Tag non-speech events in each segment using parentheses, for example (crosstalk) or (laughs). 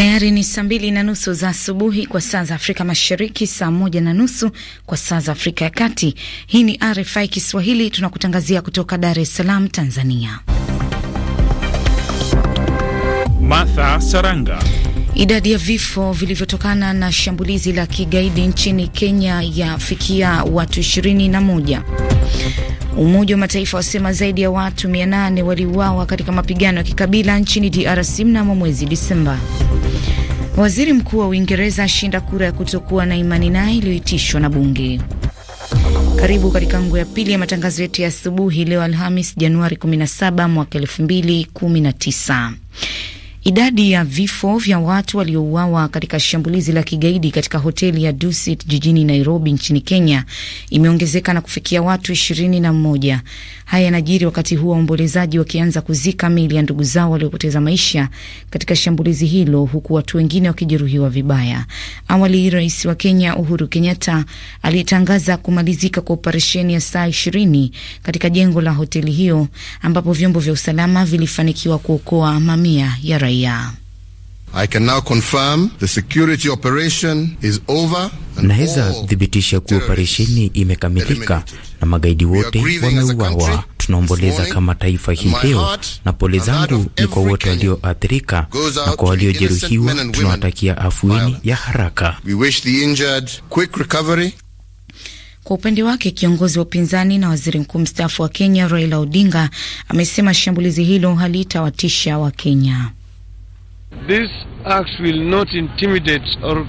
Tayari ni saa mbili na nusu za asubuhi kwa saa za Afrika Mashariki, saa moja na nusu kwa saa za Afrika ya Kati. Hii ni RFI Kiswahili, tunakutangazia kutoka Dar es Salaam, Tanzania. Martha Saranga. Idadi ya vifo vilivyotokana na shambulizi la kigaidi nchini Kenya yafikia watu 21. Umoja wa Mataifa wasema zaidi ya watu 800 waliuawa katika mapigano ya kikabila nchini DRC mnamo mwezi Disemba. Waziri Mkuu wa Uingereza ashinda kura ya kutokuwa na imani naye iliyoitishwa na bunge. Karibu katika nguo ya pili ya matangazo yetu ya asubuhi leo Alhamis Januari 17 mwaka 2019. Idadi ya vifo vya watu waliouawa katika shambulizi la kigaidi katika hoteli ya Dusit jijini Nairobi nchini Kenya imeongezeka na kufikia watu ishirini na mmoja. Haya yanajiri wakati huu waombolezaji wakianza kuzika mili ya ndugu zao waliopoteza maisha katika shambulizi hilo, huku watu wengine wakijeruhiwa vibaya. Awali rais wa Kenya Uhuru Kenyatta alitangaza kumalizika kwa operesheni ya saa ishirini katika jengo la hoteli hiyo ambapo vyombo vya usalama vilifanikiwa kuokoa mamia ya raia raia. Naweza thibitisha kuwa operesheni imekamilika na magaidi wote wameuawa. Tunaomboleza kama taifa hii leo, na pole zangu ni kwa wote walioathirika na kwa waliojeruhiwa. Tunawatakia afueni ya haraka. Kwa upande wake kiongozi wa upinzani na waziri mkuu mstaafu wa Kenya Raila Odinga amesema shambulizi hilo halitawatisha kenya This act will not intimidate or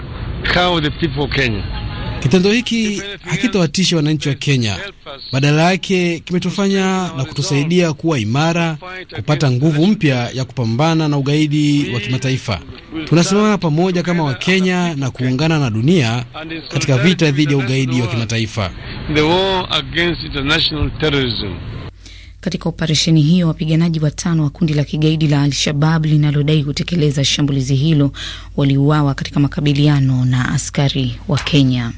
cow the people of Kenya. Kitendo hiki hakitawatisha wananchi wa Kenya, badala yake kimetufanya na kutusaidia kuwa imara, kupata nguvu mpya ya kupambana na ugaidi wa kimataifa. Tunasimama pamoja kama Wakenya na kuungana na dunia katika vita dhidi ya ugaidi wa kimataifa. Katika operesheni hiyo, wapiganaji watano wa kundi la kigaidi la Al-Shabab linalodai kutekeleza shambulizi hilo waliuawa katika makabiliano na askari wa Kenya.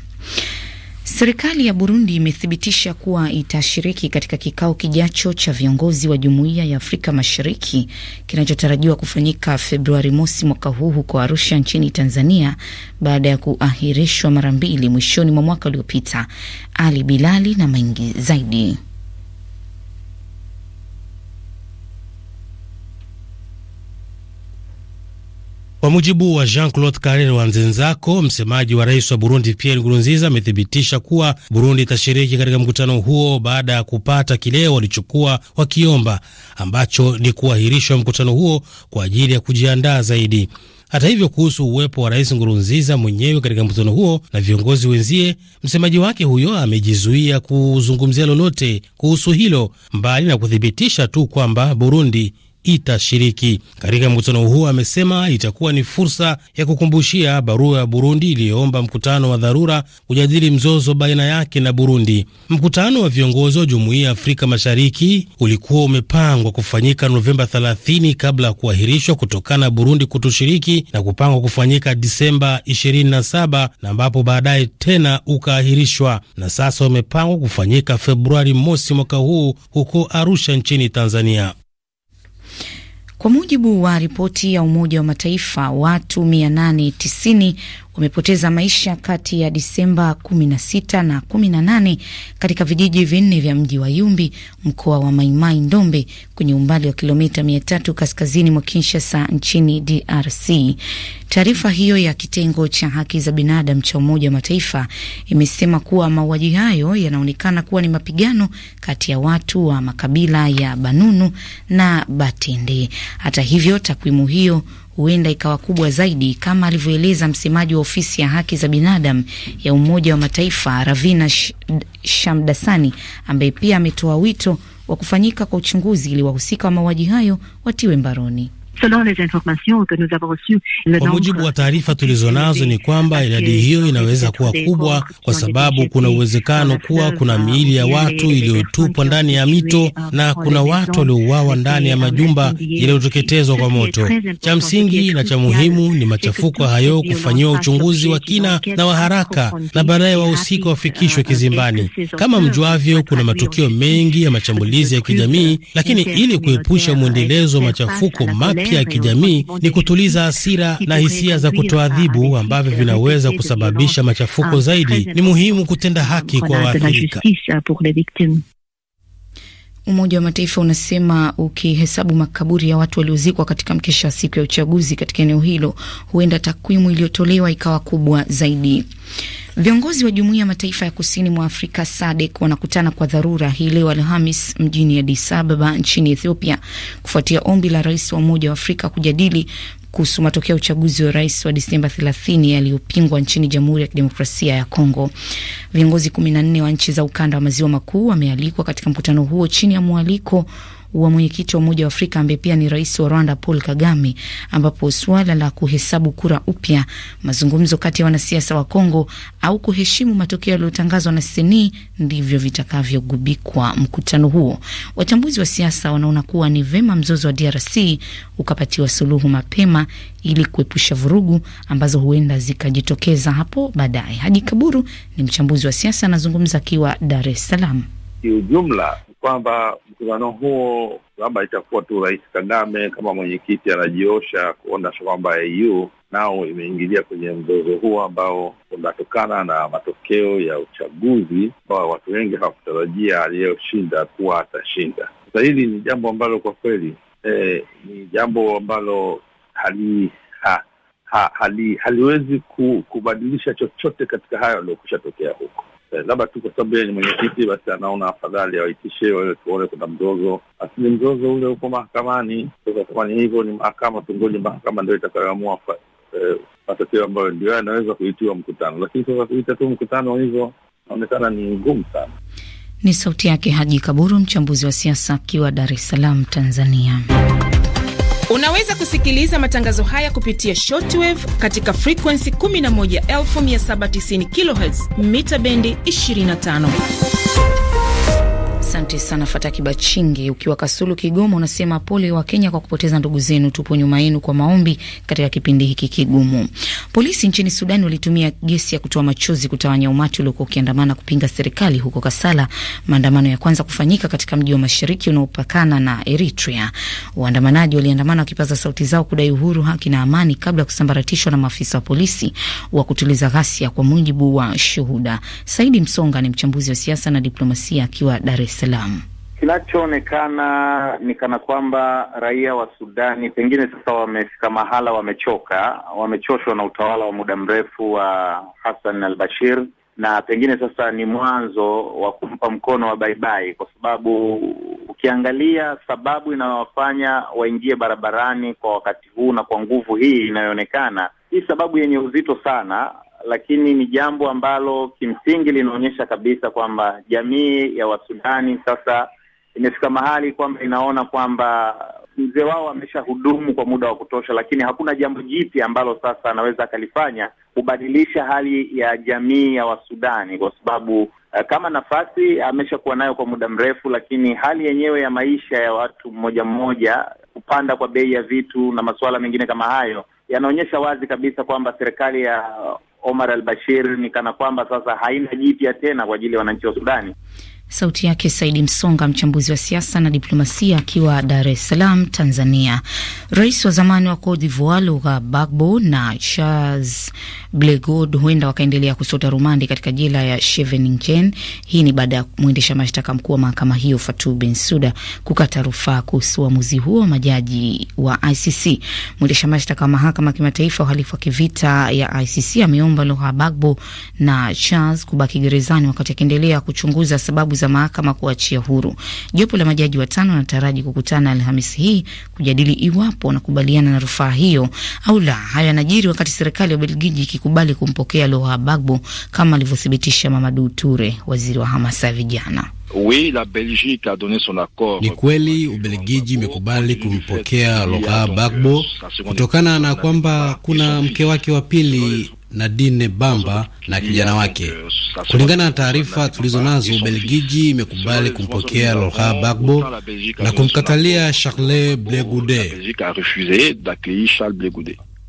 Serikali ya Burundi imethibitisha kuwa itashiriki katika kikao kijacho cha viongozi wa Jumuiya ya Afrika Mashariki kinachotarajiwa kufanyika Februari mosi mwaka huu huko Arusha nchini Tanzania baada ya kuahirishwa mara mbili mwishoni mwa mwaka uliopita. Ali Bilali na mengi zaidi Kwa mujibu wa Jean-Claude wa Nzenzako, msemaji wa rais wa Burundi Pierre Nkurunziza, amethibitisha kuwa Burundi itashiriki katika mkutano huo baada ya kupata kile walichokuwa wakiomba ambacho ni kuahirishwa mkutano huo kwa ajili ya kujiandaa zaidi. Hata hivyo, kuhusu uwepo wa rais Ngurunziza mwenyewe katika mkutano huo na viongozi wenzie, msemaji wake huyo amejizuia kuzungumzia lolote kuhusu hilo, mbali na kuthibitisha tu kwamba Burundi itashiriki katika mkutano huo. Amesema itakuwa ni fursa ya kukumbushia barua ya Burundi iliyoomba mkutano wa dharura kujadili mzozo baina yake na Burundi. Mkutano wa viongozi wa Jumuiya ya Afrika Mashariki ulikuwa umepangwa kufanyika Novemba 30 kabla ya kuahirishwa kutokana na Burundi kutoshiriki na kupangwa kufanyika Disemba 27 na ambapo baadaye tena ukaahirishwa na sasa umepangwa kufanyika Februari mosi mwaka huu huko Arusha nchini Tanzania. Kwa mujibu wa ripoti ya Umoja wa Mataifa, watu 890 wamepoteza maisha kati ya Disemba 16 na 18 katika vijiji vinne vya mji wa Yumbi, mkoa wa Maimai Ndombe, kwenye umbali wa kilomita 300 kaskazini mwa Kinshasa nchini DRC. Taarifa hiyo ya kitengo cha haki za binadamu cha Umoja wa Mataifa imesema kuwa mauaji hayo yanaonekana kuwa ni mapigano kati ya watu wa makabila ya Banunu na Batende. Hata hivyo, takwimu hiyo huenda ikawa kubwa zaidi kama alivyoeleza msemaji wa ofisi ya haki za binadamu ya Umoja wa Mataifa Ravina Shamdasani ambaye pia ametoa wito wa kufanyika kwa uchunguzi ili wahusika wa mauaji hayo watiwe mbaroni kwa mujibu wa taarifa tulizonazo ni kwamba idadi hiyo inaweza kuwa kubwa, kwa sababu kuna uwezekano kuwa kuna miili ya watu iliyotupwa ndani ya mito na kuna watu waliouawa ndani ya majumba yaliyoteketezwa kwa moto. Cha msingi na cha muhimu ni machafuko hayo kufanyiwa uchunguzi wa kina na wa haraka, na baadaye wahusika wafikishwe euh, euh, kizimbani. Kama mjuavyo, kuna matukio mengi ya mashambulizi ya kijamii, lakini ili kuepusha mwendelezo wa machafuko mapya mapya ya kijamii ni kutuliza hasira na hisia za kutoadhibu ambavyo vinaweza kusababisha machafuko zaidi. Ni muhimu kutenda haki kwa waathirika. Umoja wa Mataifa unasema ukihesabu makaburi ya watu waliozikwa katika mkesha wa siku ya uchaguzi katika eneo hilo, huenda takwimu iliyotolewa ikawa kubwa zaidi. Viongozi wa Jumuiya ya Mataifa ya Kusini mwa Afrika SADC wanakutana kwa dharura hii leo Alhamis mjini Addis Ababa nchini Ethiopia kufuatia ombi la rais wa Umoja wa Afrika kujadili kuhusu matokeo ya uchaguzi wa rais wa Disemba 30 yaliyopingwa nchini Jamhuri ya Kidemokrasia ya Kongo. Viongozi 14 wa nchi za ukanda wa maziwa makuu wamealikwa katika mkutano huo chini ya mwaliko wa mwenyekiti wa Umoja wa Afrika ambaye pia ni rais wa Rwanda Paul Kagame, ambapo suala la kuhesabu kura upya, mazungumzo kati ya wanasiasa wa Kongo au kuheshimu matokeo yaliyotangazwa na CENI ndivyo vitakavyogubikwa mkutano huo. Wachambuzi wa siasa wanaona kuwa ni vema mzozo wa DRC ukapatiwa suluhu mapema ili kuepusha vurugu ambazo huenda zikajitokeza hapo baadaye. Haji Kaburu ni mchambuzi wa siasa, anazungumza akiwa Dar es Salaam. Kiujumla, kwamba mkutano huo labda itakuwa tu Rais Kagame kama mwenyekiti anajiosha kuonyesha kwamba AU nao imeingilia kwenye mzozo huo ambao unatokana na matokeo ya uchaguzi ambao watu wengi hawakutarajia aliyoshinda kuwa atashinda. Sasa hili ni jambo ambalo kwa kweli eh, ni jambo ambalo hali ha, ha, hali haliwezi kubadilisha chochote katika hayo aliokusha tokea huko eh, labda tu kwa sababu yeye ni mwenyekiti, basi anaona afadhali awaitishe wale, tuone kuna mzozo, asili mzozo ule uko mahakamani. Sasa kama ni hivyo, ni mahakama, tungoje mahakama ndio itakayoamua eh, ambayo ndio anaweza kuitiwa mkutano, lakini sasa kuita tu mkutano hivyo naonekana ni ngumu sana. Ni sauti yake Haji Kaburu, mchambuzi wa siasa akiwa Dar es Salaam, Tanzania. Unaweza kusikiliza matangazo haya kupitia shortwave katika frekuensi 11790 kHz mita bendi 25. Asante sana Fataki Bachingi, ukiwa Kasulu, Kigoma, unasema pole wa Kenya kwa kupoteza ndugu zenu, tupo nyuma yenu kwa maombi katika kipindi hiki kigumu. Polisi nchini Sudan walitumia gesi ya kutoa machozi kutawanya umati uliokuwa ukiandamana kupinga serikali huko Kasala, maandamano ya kwanza kufanyika katika mji wa mashariki unaopakana na Eritrea. Waandamanaji waliandamana wakipaza sauti zao kudai uhuru, haki na amani, kabla ya kusambaratishwa na maafisa wa polisi wa kutuliza ghasia, kwa mujibu wa shuhuda. Saidi Msonga ni mchambuzi wa siasa na diplomasia akiwa Dar es Salaam. Kinachoonekana ni kana kwamba raia wa Sudani pengine sasa wamefika mahala, wamechoka, wamechoshwa na utawala wa muda mrefu wa Hassan al-Bashir na pengine sasa ni mwanzo wa kumpa mkono wa baibai, kwa sababu ukiangalia sababu inayowafanya waingie barabarani kwa wakati huu na kwa nguvu hii inayoonekana, hii sababu yenye uzito sana lakini ni jambo ambalo kimsingi linaonyesha kabisa kwamba jamii ya Wasudani sasa imefika mahali kwamba inaona kwamba mzee wao ameshahudumu kwa muda wa kutosha, lakini hakuna jambo jipya ambalo sasa anaweza akalifanya kubadilisha hali ya jamii ya Wasudani kwa sababu eh, kama nafasi ameshakuwa nayo kwa muda mrefu, lakini hali yenyewe ya maisha ya watu mmoja mmoja, kupanda kwa bei ya vitu na masuala mengine kama hayo, yanaonyesha wazi kabisa kwamba serikali ya Omar al-Bashir ni kana kwamba sasa haina jipya tena kwa ajili ya wananchi wa Sudani. Sauti yake Saidi Msonga, mchambuzi wa siasa na diplomasia, akiwa Dar es Salaam, Tanzania. Rais wa zamani wa Cote d'Ivoire Laurent Gbagbo na Charles Blegod huenda wakaendelea kusota rumandi katika jela ya Scheveningen. Hii ni baada ya mwendesha mashtaka mkuu wa mahakama hiyo Fatou Bensouda kukata rufaa kuhusu uamuzi huo wa majaji wa ICC. Mwendesha mashtaka wa mahakama ya kimataifa uhalifu wa kivita ya ICC ameomba Laurent Gbagbo na Charles kubaki gerezani wakati akiendelea kuchunguza sababu kushinikiza mahakama kuachia huru. Jopo la majaji watano wanataraji kukutana Alhamisi hii kujadili iwapo wanakubaliana na rufaa hiyo au la. Hayo yanajiri wakati serikali ya Ubelgiji ikikubali kumpokea Laurent Gbagbo kama alivyothibitisha Mamadou Toure, waziri wa hamasa ya vijana. Oui, la Belgique a donné son accord. Ni kweli Ubelgiji imekubali kumpokea Laurent euh, Gbagbo kutokana na kwamba kuna mke wake wa pili Nadine Bamba na kijana wake. Kulingana na taarifa tulizonazo, Ubelgiji imekubali kumpokea Laurent Gbagbo na kumkatalia Charles Ble Goude.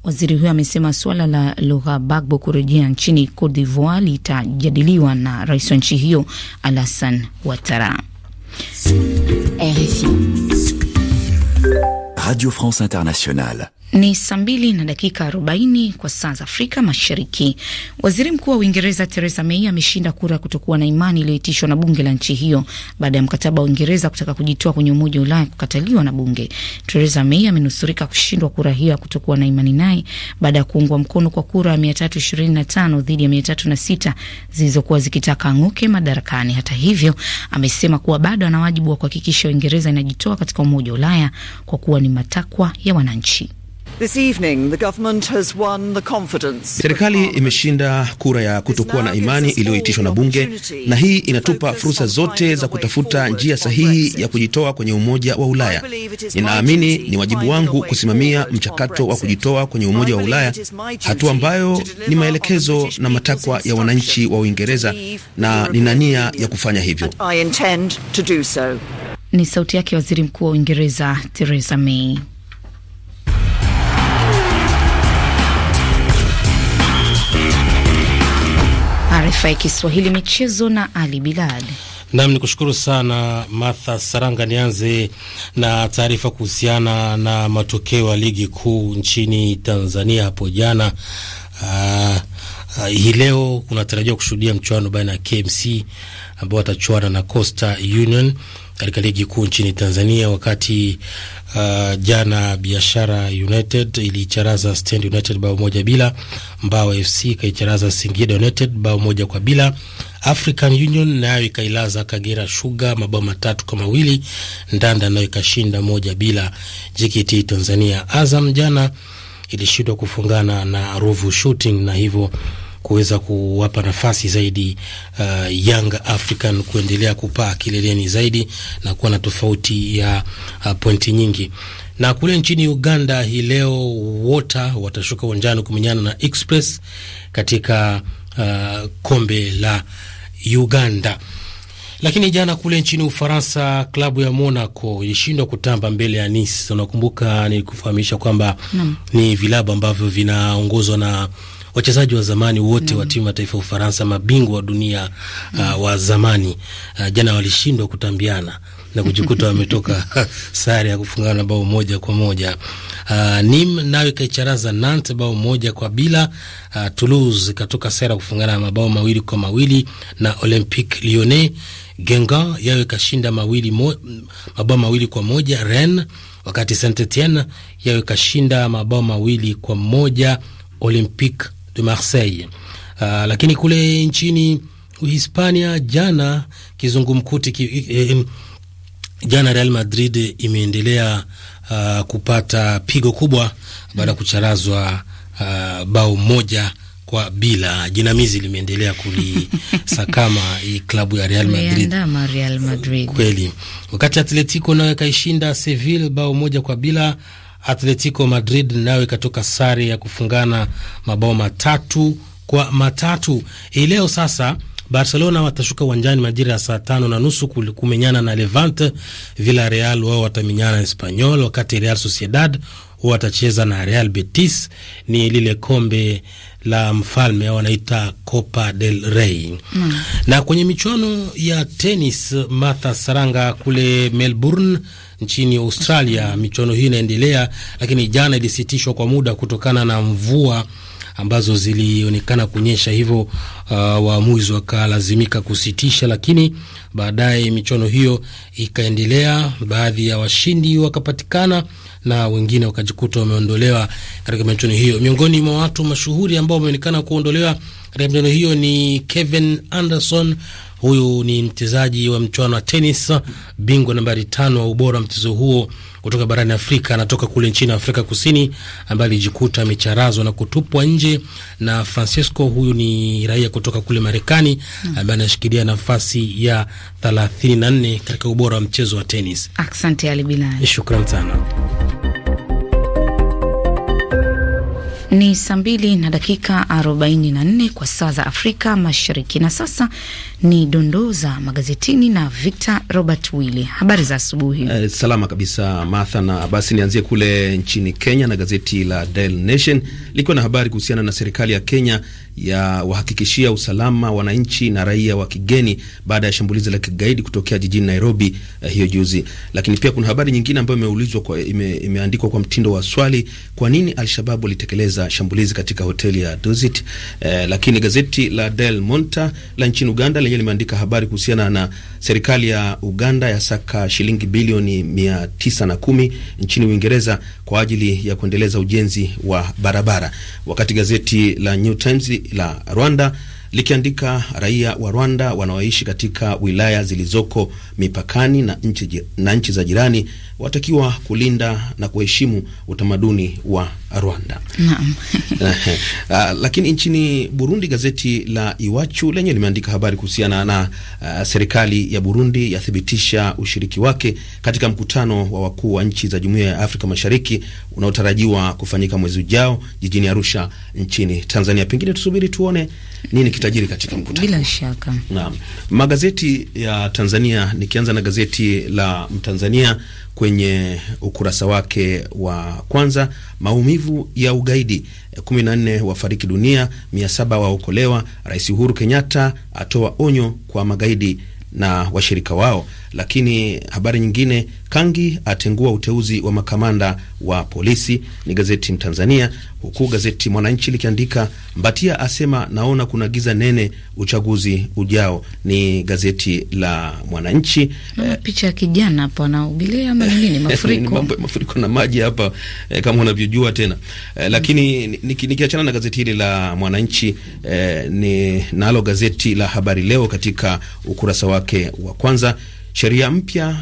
Waziri huyo amesema suala la Laurent Gbagbo kurejea nchini Cote d'Ivoire litajadiliwa na rais wa nchi hiyo Alassane Ouattara. RFI Radio France Internationale. Ni saa mbili na dakika arobaini kwa saa za Afrika Mashariki. Waziri Mkuu wa Uingereza Theresa May ameshinda kura kutokuwa na imani iliyoitishwa na bunge la nchi hiyo baada ya mkataba wa Uingereza kutaka kujitoa kwenye Umoja wa Ulaya kukataliwa na bunge. Theresa May amenusurika kushindwa kura hiyo ya kutokuwa na imani naye baada ya kuungwa mkono kwa kura ya 325 dhidi ya 306 zilizokuwa zikitaka ang'uke madarakani. Hata hivyo, amesema kuwa bado ana wajibu wa kuhakikisha Uingereza inajitoa katika Umoja wa Ulaya kwa kuwa ni matakwa ya wananchi. This evening, the government has won the confidence. Serikali imeshinda kura ya kutokuwa na imani iliyoitishwa na bunge na hii inatupa fursa zote za kutafuta njia sahihi ya kujitoa kwenye Umoja wa Ulaya. Ninaamini ni wajibu wangu kusimamia mchakato wa kujitoa kwenye Umoja wa Ulaya, hatua ambayo ni maelekezo na matakwa ya wananchi wa Uingereza na nina nia ya kufanya hivyo. Ni sauti yake Waziri Mkuu wa Uingereza Theresa May. Taarifa ya Kiswahili michezo na Ali Bilad. Nam ni kushukuru sana Martha Saranga. Nianze na taarifa kuhusiana na matokeo ya ligi kuu nchini Tanzania hapo jana. Uh, uh, hii leo kunatarajiwa kushuhudia mchuano baina ya KMC ambao watachuana na Costa Union katika ligi kuu nchini Tanzania, wakati Uh, jana Biashara United iliicharaza Stand United bao moja bila. Mbao FC ikaicharaza Singida United bao moja kwa bila. African Union nayo ikailaza Kagera Sugar mabao matatu kwa mawili. Ndanda nayo ikashinda moja bila. JKT Tanzania Azam jana ilishindwa kufungana na Ruvu Shooting na hivyo kuweza kuwapa nafasi zaidi uh, Young African kuendelea kupaa kileleni zaidi na kuwa na tofauti ya uh, pointi nyingi. Na kule nchini Uganda hii leo wota watashuka uwanjani kumenyana na Express katika uh, kombe la Uganda. Lakini jana kule nchini Ufaransa, klabu ya Monaco ilishindwa kutamba mbele ya Nice. Unakumbuka nilikufahamisha kwamba ni vilabu ambavyo vinaongozwa na wachezaji wa zamani wote mm. wa timu ya taifa ya Ufaransa, mabingwa wa dunia mm. uh, wa zamani uh, jana walishindwa kutambiana na kujikuta wametoka (laughs) sare ya kufungana na bao moja kwa moja. Uh, Nim nayo ikaicharaza Nantes bao moja kwa bila. Uh, Toulouse ikatoka sare ya kufungana na mabao mawili kwa mawili na Olympique Lyonnais. Gengan yayo ikashinda mawili mo, mabao mawili kwa moja Rennes, wakati Saint Etienne yayo ikashinda mabao mawili kwa moja Olympique de Marseille. Uh, lakini kule nchini Uhispania jana kizungumkuti ki, eh, jana Real Madrid imeendelea uh, kupata pigo kubwa baada ya kucharazwa uh, bao moja kwa bila. Jinamizi limeendelea kulisakama (laughs) hii klabu ya Real Madrid. Real Madrid kweli, wakati Atletico nayo ikaishinda Seville bao moja kwa bila Atletico Madrid nayo ikatoka sare ya kufungana mabao matatu kwa matatu. Hii leo sasa Barcelona watashuka uwanjani majira ya saa tano na nusu kumenyana na Levante. Villarreal wao watamenyana na Espanyol, wakati Real Sociedad watacheza na Real Betis. Ni lile kombe la mfalme wanaita Copa del Rey mm. Na kwenye michuano ya tenis Martha Saranga kule Melbourne nchini Australia, michuano hii inaendelea, lakini jana ilisitishwa kwa muda kutokana na mvua ambazo zilionekana kunyesha, hivyo uh, waamuzi wakalazimika kusitisha, lakini baadaye michuano hiyo ikaendelea, baadhi ya washindi wakapatikana na wengine wakajikuta wameondolewa katika michuano hiyo. Miongoni mwa watu mashuhuri ambao wameonekana kuondolewa katika michuano hiyo ni Kevin Anderson. Huyu ni mchezaji wa mchuano wa tenis, bingwa nambari tano wa ubora wa mchezo huo kutoka barani Afrika. Anatoka kule nchini Afrika Kusini, ambaye alijikuta amecharazwa na kutupwa nje na Francisco. Huyu ni raia kutoka kule Marekani, ambaye anashikilia nafasi ya 34 katika ubora wa mchezo wa tenis. Asante Ali Bilal, shukran sana. Ni saa mbili na dakika 44 kwa saa za Afrika Mashariki. Na sasa ni dondoo za magazetini na Victor Robert Wille. Habari za asubuhi. Uh, salama kabisa Martha, na basi nianzie kule nchini Kenya na gazeti la Daily Nation likiwa na habari kuhusiana na serikali ya Kenya ya wahakikishia usalama wananchi na raia wa kigeni baada ya shambulizi la kigaidi kutokea jijini Nairobi eh, hiyo juzi. Lakini pia kuna habari nyingine ambayo imeulizwa kwa, ime, imeandikwa kwa mtindo wa swali, kwa nini Alshabab walitekeleza shambulizi katika hoteli ya Dusit? Eh, lakini gazeti la Del Monta la nchini Uganda moja limeandika habari kuhusiana na serikali ya Uganda ya saka shilingi bilioni mia tisa na kumi nchini Uingereza kwa ajili ya kuendeleza ujenzi wa barabara, wakati gazeti la New Times la Rwanda likiandika raia wa Rwanda wanaoishi katika wilaya zilizoko mipakani na nchi, na nchi za jirani watakiwa kulinda na kuheshimu utamaduni wa Rwanda. Uh, (laughs) lakini nchini Burundi gazeti la Iwachu lenye limeandika habari kuhusiana na uh, serikali ya Burundi yathibitisha ushiriki wake katika mkutano wa wakuu wa nchi za Jumuiya ya Afrika Mashariki unaotarajiwa kufanyika mwezi ujao jijini Arusha nchini Tanzania. Pengine tusubiri tuone nini kitajiri katika mkutano. Bila shaka. Naam. Magazeti ya Tanzania nikianza na gazeti la Mtanzania kwenye ukurasa wake wa kwanza. Maumivu ya ugaidi, 14 wafariki dunia, 700 waokolewa. Rais Uhuru Kenyatta atoa onyo kwa magaidi na washirika wao. Lakini habari nyingine Kangi atengua uteuzi wa makamanda wa polisi, ni gazeti Mtanzania, huku gazeti Mwananchi likiandika Mbatia asema naona kuna giza nene uchaguzi ujao, ni gazeti la Mwananchi. Eh, picha ya kijana hapo anaubilia ama nini? (laughs) Mafuriko, mafuriko na maji hapa eh, kama unavyojua tena eh, lakini mm, nikiachana na gazeti hili la Mwananchi eh, ni nalo gazeti la Habari Leo katika ukurasa wake wa kwanza sheria mpya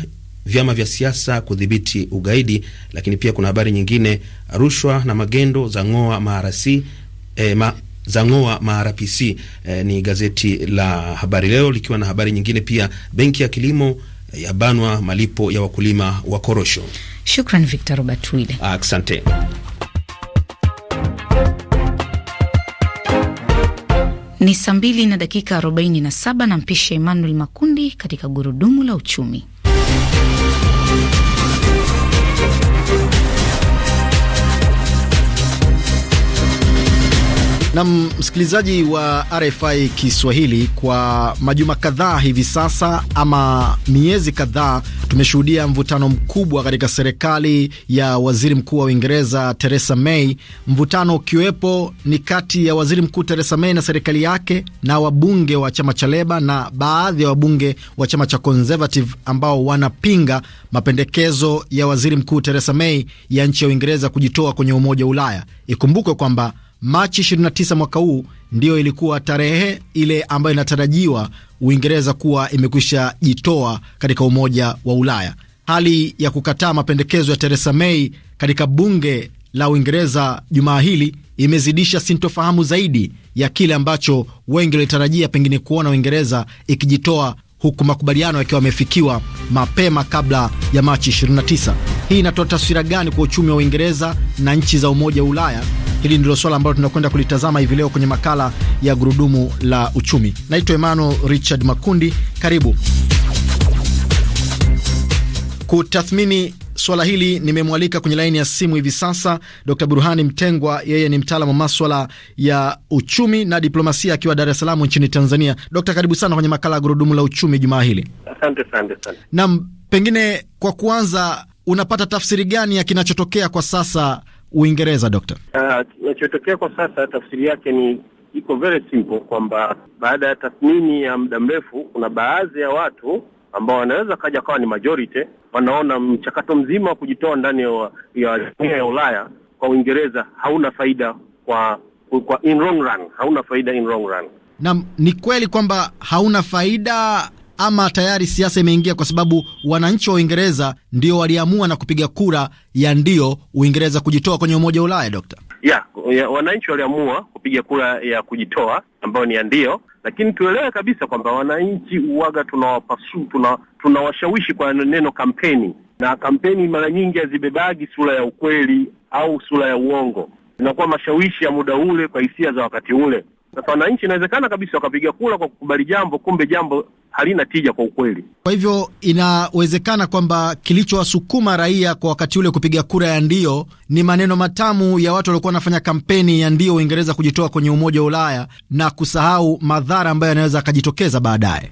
vyama vya siasa kudhibiti ugaidi. Lakini pia kuna habari nyingine, rushwa na magendo za ng'oa maarasi e, eh, ma, za ng'oa maRPC e, eh, ni gazeti la Habari Leo likiwa na habari nyingine pia, benki ya kilimo eh, ya banwa malipo ya wakulima wa korosho. Shukran Victor Robert Wile, asante. Ni saa mbili na dakika 47 na mpisha Emmanuel Makundi katika gurudumu la uchumi. Thank you. Na msikilizaji wa RFI Kiswahili, kwa majuma kadhaa hivi sasa ama miezi kadhaa, tumeshuhudia mvutano mkubwa katika serikali ya waziri mkuu wa Uingereza Theresa May. Mvutano ukiwepo ni kati ya waziri mkuu Theresa May na serikali yake na wabunge wa chama cha Leba na baadhi ya wabunge wa chama cha Conservative ambao wanapinga mapendekezo ya waziri mkuu Theresa May ya nchi ya Uingereza kujitoa kwenye Umoja wa Ulaya. Ikumbukwe kwamba Machi 29 mwaka huu ndiyo ilikuwa tarehe ile ambayo inatarajiwa Uingereza kuwa imekwisha jitoa katika Umoja wa Ulaya. Hali ya kukataa mapendekezo ya Theresa May katika bunge la Uingereza jumaa hili imezidisha sintofahamu zaidi ya kile ambacho wengi walitarajia pengine kuona Uingereza ikijitoa huku makubaliano yakiwa yamefikiwa mapema kabla ya Machi 29. Hii inatoa taswira gani kwa uchumi wa Uingereza na nchi za Umoja wa Ulaya? Hili ndilo swala ambalo tunakwenda kulitazama hivi leo kwenye makala ya Gurudumu la Uchumi. Naitwa Emmanuel Richard Makundi, karibu kutathmini swala hili nimemwalika kwenye laini ya simu hivi sasa Dr. Burhani Mtengwa, yeye ni mtaalam wa maswala ya uchumi na diplomasia akiwa Dar es Salaam nchini Tanzania. Dokta, karibu sana kwenye makala ya gurudumu la uchumi jumaa hili. Asante sana. Naam, pengine kwa kuanza, unapata tafsiri gani ya kinachotokea kwa sasa Uingereza, dokta? Ah, kinachotokea uh, kwa sasa tafsiri yake ni iko very simple kwamba baada ya tathmini ya muda mrefu kuna baadhi ya watu ambao wanaweza kaja kawa ni majority, wanaona mchakato mzima wa kujitoa ndani ya jumuiya ya Ulaya kwa Uingereza hauna faida kwa, kwa in run, hauna faida in run. Naam, ni kweli kwamba hauna faida ama tayari siasa imeingia, kwa sababu wananchi wa Uingereza ndio waliamua na kupiga kura ya ndio Uingereza kujitoa kwenye umoja wa Ulaya, Dokta ya, ya wananchi waliamua kupiga kura ya kujitoa ambayo ni ya ndio, lakini tuelewe kabisa kwamba wananchi uwaga tunawapasu tuna tunawashawishi kwa neno kampeni, na kampeni mara nyingi hazibebagi sura ya ukweli au sura ya uongo, inakuwa mashawishi ya muda ule kwa hisia za wakati ule. Sasa wananchi inawezekana kabisa wakapiga kura kwa kukubali jambo, kumbe jambo halina tija kwa ukweli. Kwa hivyo inawezekana kwamba kilichowasukuma raia kwa wakati ule kupiga kura ya ndio ni maneno matamu ya watu waliokuwa wanafanya kampeni ya ndio Uingereza kujitoa kwenye Umoja wa Ulaya na kusahau madhara ambayo yanaweza akajitokeza baadaye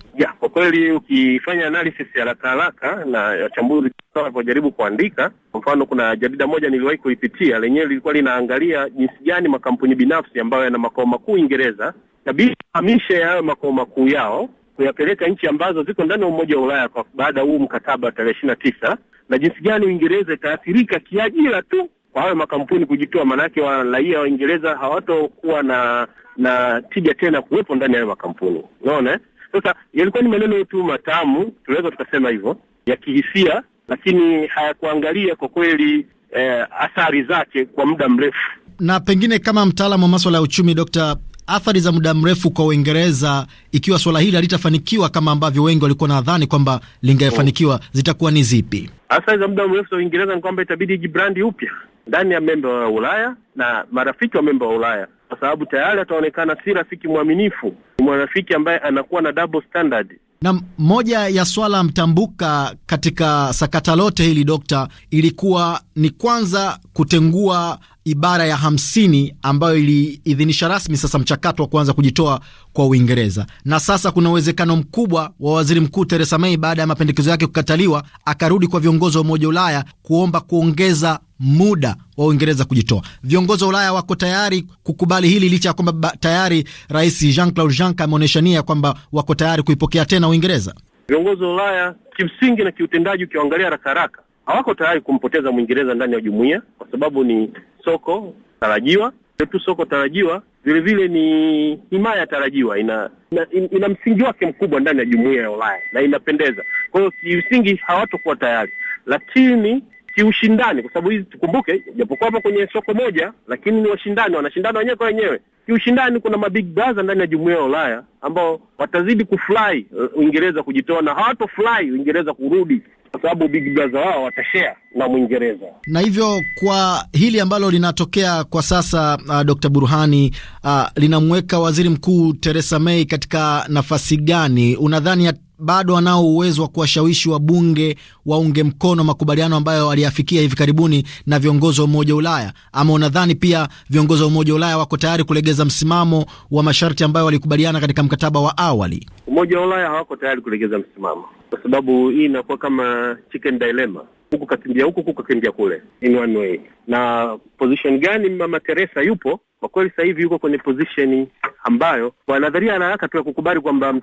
kweli ukifanya analysis ya haraka haraka na wachambuzi wanapojaribu kuandika, kwa mfano, kuna jarida moja niliwahi kuipitia lenyewe lilikuwa linaangalia jinsi gani makampuni binafsi ambayo yana makao makuu Uingereza tabidi hamishe yayo makao makuu yao kuyapeleka nchi ambazo ziko ndani ya Umoja wa Ulaya kwa baada huu mkataba wa tarehe ishirini na tisa na jinsi gani Uingereza itaathirika kiajira tu kwa hayo makampuni kujitoa, maanake raia wa Uingereza hawatokuwa na na tija tena kuwepo ndani ya hayo makampuni. Unaona, sasa yalikuwa ni maneno tu matamu, tunaweza tukasema hivyo, ya kihisia, lakini hayakuangalia kwa kweli eh, athari zake kwa muda mrefu. Na pengine kama mtaalamu wa maswala ya uchumi, Dr athari za muda mrefu kwa Uingereza ikiwa suala hili halitafanikiwa kama ambavyo wengi walikuwa nadhani kwamba lingefanikiwa, oh, zitakuwa ni zipi? Athari za muda mrefu za Uingereza ni kwamba itabidi ijibrandi upya ndani ya memba wa Ulaya na marafiki wa memba wa Ulaya kwa sababu tayari ataonekana si rafiki mwaminifu, ni mwanafiki ambaye anakuwa na double standard. Na moja ya swala mtambuka katika sakata lote hili dokta, ilikuwa ni kwanza kutengua ibara ya hamsini ambayo iliidhinisha rasmi sasa mchakato wa kuanza kujitoa kwa Uingereza, na sasa kuna uwezekano mkubwa wa waziri mkuu Theresa May baada ya mapendekezo yake kukataliwa, akarudi kwa viongozi wa Umoja wa Ulaya kuomba kuongeza muda wa Uingereza kujitoa. Viongozi wa Ulaya wako tayari kukubali hili licha ya kwamba tayari Rais Jean Claude Juncker ameonyesha nia kwamba wako tayari kuipokea tena Uingereza. Viongozi wa Ulaya kimsingi na kiutendaji, ukiangalia haraka haraka, hawako tayari kumpoteza Mwingereza ndani ya jumuiya, kwa sababu ni soko tarajiwa tu soko tarajiwa vile vile ni himaya tarajiwa, ina ina, ina msingi wake mkubwa ndani ya jumuiya ya Ulaya na inapendeza. Kwa hiyo kimsingi hawatokuwa tayari, lakini kiushindani, kwa sababu hizi tukumbuke, japokuwa hapo kwenye soko moja, lakini ni washindani, wanashindana wenyewe kwa wenyewe kiushindani. Kuna mabig brother ndani ya jumuiya ya Ulaya ambao watazidi kufly uh, Uingereza kujitoa na hawatofurahi Uingereza kurudi, kwa sababu big brother wao watashare na Mwingereza. Na hivyo kwa hili ambalo linatokea kwa sasa, uh, Dr. Burhani, uh, linamweka waziri mkuu Theresa May katika nafasi gani? Unadhani bado anao uwezo wa kuwashawishi wabunge waunge mkono makubaliano ambayo aliyafikia hivi karibuni na viongozi wa Umoja wa Ulaya, ama unadhani pia viongozi wa Umoja wa Ulaya wako tayari kulegeza msimamo wa masharti ambayo walikubaliana katika mkataba wa awali? Umoja wa Ulaya hawako tayari kulegeza msimamo, kwa sababu hii inakuwa kama chicken dilemma huku kakimbia huku, huku kakimbia kule, in one way. Na position gani Mama Teresa yupo? Kwa kweli sasa hivi yuko kwenye position ambayo kwa nadharia anataka tu ya kukubali kwamba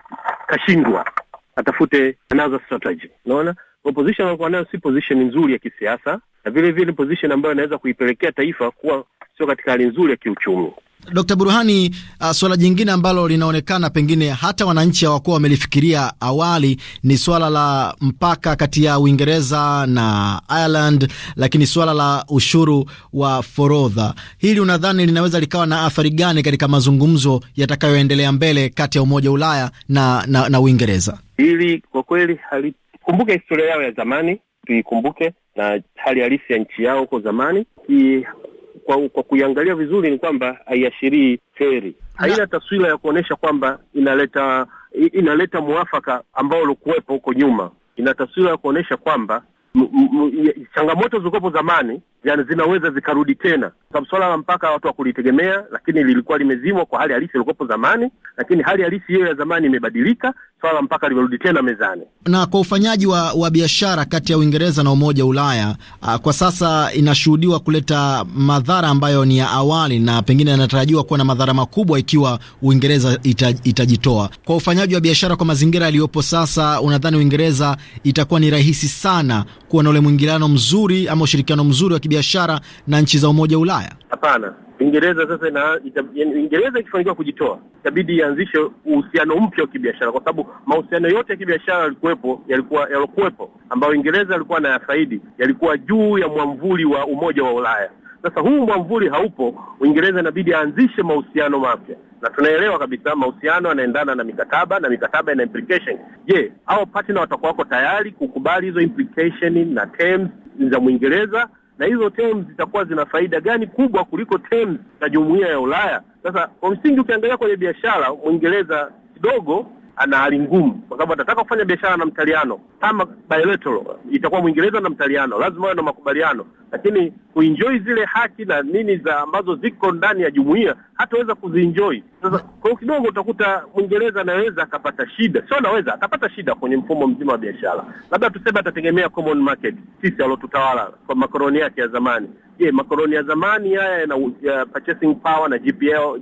kashindwa, atafute another strategy. Unaona, kwa position alikuwa nayo si position nzuri ya kisiasa, na vile vile position ambayo inaweza kuipelekea taifa kuwa sio katika hali nzuri ya kiuchumi. Dkt. Burhani, uh, suala jingine ambalo linaonekana pengine hata wananchi hawakuwa wamelifikiria awali ni suala la mpaka kati ya Uingereza na Ireland, lakini suala la ushuru wa forodha, hili unadhani linaweza likawa na athari gani katika mazungumzo yatakayoendelea mbele kati ya Umoja wa Ulaya na, na, na Uingereza? Hili kwa kweli halikumbuke historia yao ya zamani, tuikumbuke na hali halisi ya nchi yao huko zamani ki kwa, kwa kuiangalia vizuri ni kwamba haiashirii heri, haina taswira ya kuonyesha kwamba inaleta inaleta mwafaka ambao ulikuwepo huko nyuma. Ina taswira ya kuonyesha kwamba changamoto zilikuwepo zamani yani zinaweza zikarudi tena, sababu swala la mpaka watu kulitegemea lakini lilikuwa limezimwa kwa hali halisi ilikuwepo zamani, lakini hali halisi hiyo ya zamani imebadilika swala mpaka limerudi tena mezani. Na kwa ufanyaji wa, wa biashara kati ya Uingereza na Umoja wa Ulaya a, ah, kwa sasa inashuhudiwa kuleta madhara ambayo ni ya awali na pengine yanatarajiwa kuwa na madhara makubwa ikiwa Uingereza ita, itajitoa. Kwa ufanyaji wa biashara kwa mazingira yaliyopo sasa, unadhani Uingereza itakuwa ni rahisi sana kuwa na ule mwingiliano mzuri ama ushirikiano mzuri wa kibiashara na nchi za Umoja wa Ulaya? Hapana. Uingereza sasa na Uingereza ikifanikiwa kujitoa itabidi ianzishe uhusiano mpya wa kibiashara, kwa sababu mahusiano yote ya kibiashara yalikuwepo yalikuwa yalokuwepo ambayo Uingereza alikuwa yafaidi yalikuwa juu ya mwamvuli wa Umoja wa Ulaya. Sasa huu mwamvuli haupo, Uingereza inabidi aanzishe mahusiano mapya, na tunaelewa kabisa mahusiano yanaendana na mikataba na mikataba ina implication. Je, hao partner watakuwa wako tayari kukubali hizo implication na terms za Mwingereza na hizo terms zitakuwa zina faida gani kubwa kuliko terms za jumuiya ya Ulaya? Sasa kwa msingi, ukiangalia kwenye biashara, Mwingereza kidogo ana hali ngumu, kwa sababu atataka kufanya biashara na mtaliano kama bilateral, itakuwa Mwingereza na mtaliano, lazima awe na makubaliano, lakini kuenjoy zile haki na nini za ambazo ziko ndani ya jumuiya hataweza kuzienjoy. Sasa kwa kidogo utakuta Mwingereza anaweza akapata shida, sio anaweza akapata shida kwenye mfumo mzima wa biashara, labda tuseme atategemea common market, sisi alotutawala kwa makoloni yake ya zamani. Je, makoloni ya zamani haya yana ya purchasing power na GPL,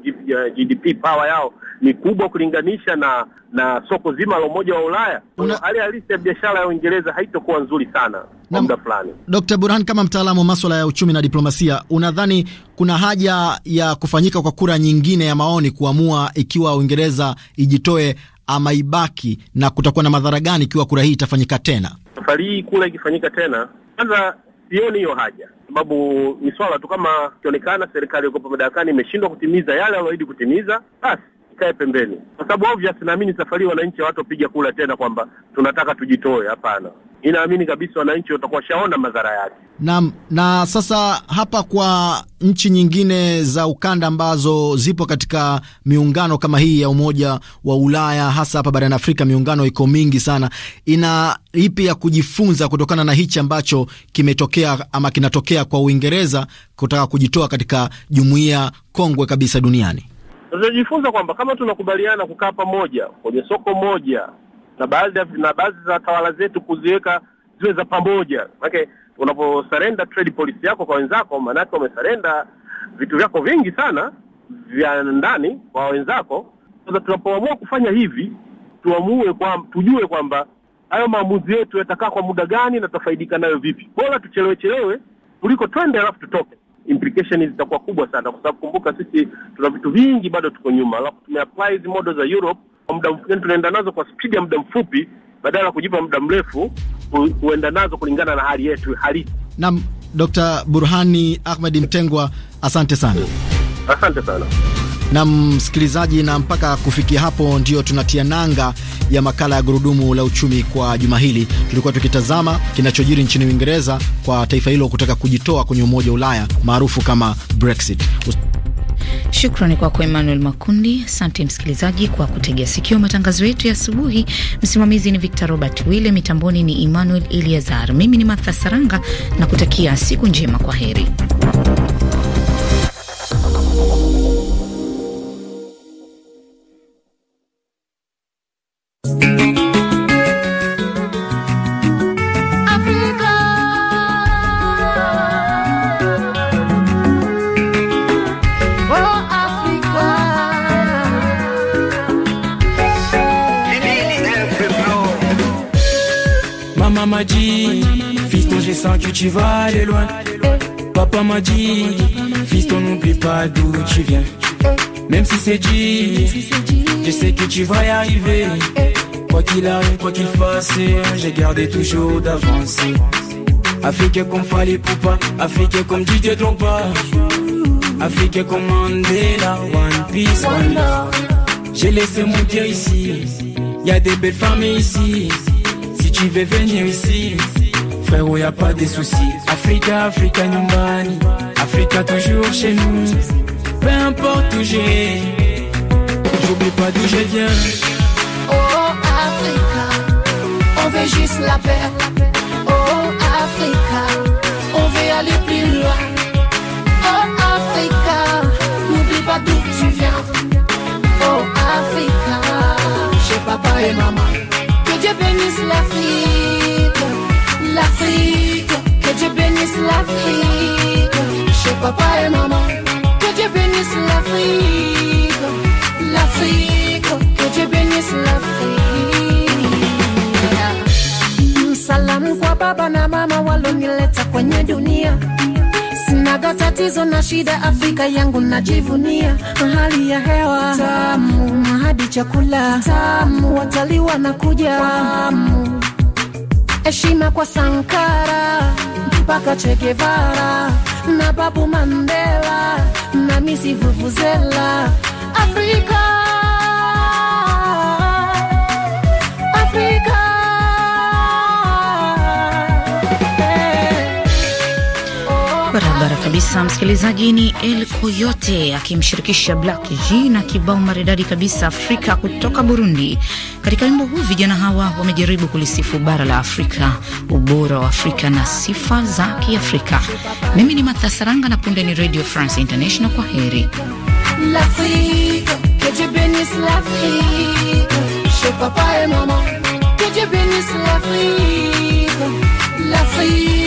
GDP power yao ni kubwa kulinganisha na na soko zima la umoja wa Ulaya. Hali halisi ya biashara ya Uingereza haitokuwa nzuri sana na muda fulani. Dr. Burhan, kama mtaalamu wa masuala ya uchumi na diplomasia, unadhani kuna haja ya kufanyika kwa kura nyingine ya maoni kuamua ikiwa Uingereza ijitoe ama ibaki, na kutakuwa na madhara gani ikiwa kura hii itafanyika tena? Safari hii kura ikifanyika tena, kwanza sioni hiyo haja, sababu ni swala tu, kama ikionekana serikali iliyokuwa madarakani imeshindwa kutimiza yale aliyoahidi kutimiza, basi kikae pembeni, kwa sababu obvious, naamini safari wananchi hawatopiga kula tena kwamba tunataka tujitoe. Hapana, inaamini kabisa wananchi watakuwa shaona madhara yake. Naam. Na sasa hapa kwa nchi nyingine za ukanda ambazo zipo katika miungano kama hii ya Umoja wa Ulaya, hasa hapa barani Afrika, miungano iko mingi sana, ina ipi ya kujifunza kutokana na hichi ambacho kimetokea ama kinatokea kwa Uingereza kutaka kujitoa katika jumuiya kongwe kabisa duniani? tunajifunza kwamba kama tunakubaliana kukaa pamoja kwenye soko moja na baadhi na baadhi za tawala zetu kuziweka ziwe za pamoja okay. unaposurrender trade policy yako kwa wenzako maanake umesurrender vitu vyako vingi sana vya ndani kwa wenzako sasa tunapoamua kufanya hivi tuamue kwa, tujue kwamba hayo maamuzi yetu yatakaa kwa muda gani na tutafaidika nayo vipi bora tuchelewe chelewe kuliko twende alafu tutoke implication zitakuwa kubwa sana, kwa sababu kumbuka, sisi tuna vitu vingi bado tuko nyuma, alafu tumeapply hizi model za Europe kwa muda mfupi, tunaenda nazo kwa spidi ya muda mfupi badala ya kujipa muda mrefu kuenda nazo kulingana na hali yetu halisi. Naam, Dr. Burhani Ahmed Mtengwa, asante sana. Asante sana na msikilizaji, na mpaka kufikia hapo ndio tunatia nanga ya makala ya gurudumu la uchumi kwa juma hili. Tulikuwa tukitazama kinachojiri nchini Uingereza kwa taifa hilo kutaka kujitoa kwenye Umoja wa Ulaya maarufu kama Brexit. Shukrani kwako Emmanuel Makundi. Asante msikilizaji kwa kutegea sikio matangazo yetu ya asubuhi. Msimamizi ni Victor Robert Wille, mitamboni ni Emmanuel Eliazar, mimi ni Martha Saranga na kutakia siku njema. Kwa heri. M'a dit. Fils, on n'oublie pas d'où tu viens. Même si c'est dit, je sais que tu vas y arriver. Quoi qu'il arrive, quoi qu'il fasse, j'ai gardé toujours d'avancer Afrique comme fallait pour Afrique comme Didier Drogba. Afrique comme Mandela, One Piece, One J'ai laissé mon cœur ici, y a des belles femmes ici. Si tu veux venir ici, où y pas des soucis. Africa, Africa nyumbani, Africa toujours chez nous. Peu importe où j'ai, j'oublie pas d'où je viens. Oh, oh Africa, on veut juste la paix. Oh, oh, Africa, on veut aller plus loin. Oh, Africa, n'oublie pas d'où tu viens. Oh, Africa, chez papa et maman. Que Dieu bénisse l'Afrique. Afrique, mm, Salamu kwa baba na mama walonileta kwenye dunia. Sinaga tatizo na shida, Afrika yangu najivunia. Hali ya hewa tamu, hadi chakula tamu, watalii wanakuja tamu heshima kwa Sankara mpaka Che Guevara na Babu Mandela na misi vuvuzela Afrika, Afrika. kabisa msikilizaji, ni El Coyote akimshirikisha Black G na kibao maridadi kabisa Afrika kutoka Burundi. Katika wimbo huu vijana hawa wamejaribu kulisifu bara la Afrika, ubora wa Afrika na sifa za Kiafrika. Mimi ni Matha Saranga na punde ni Radio France International. Kwa heri. L'Afrique,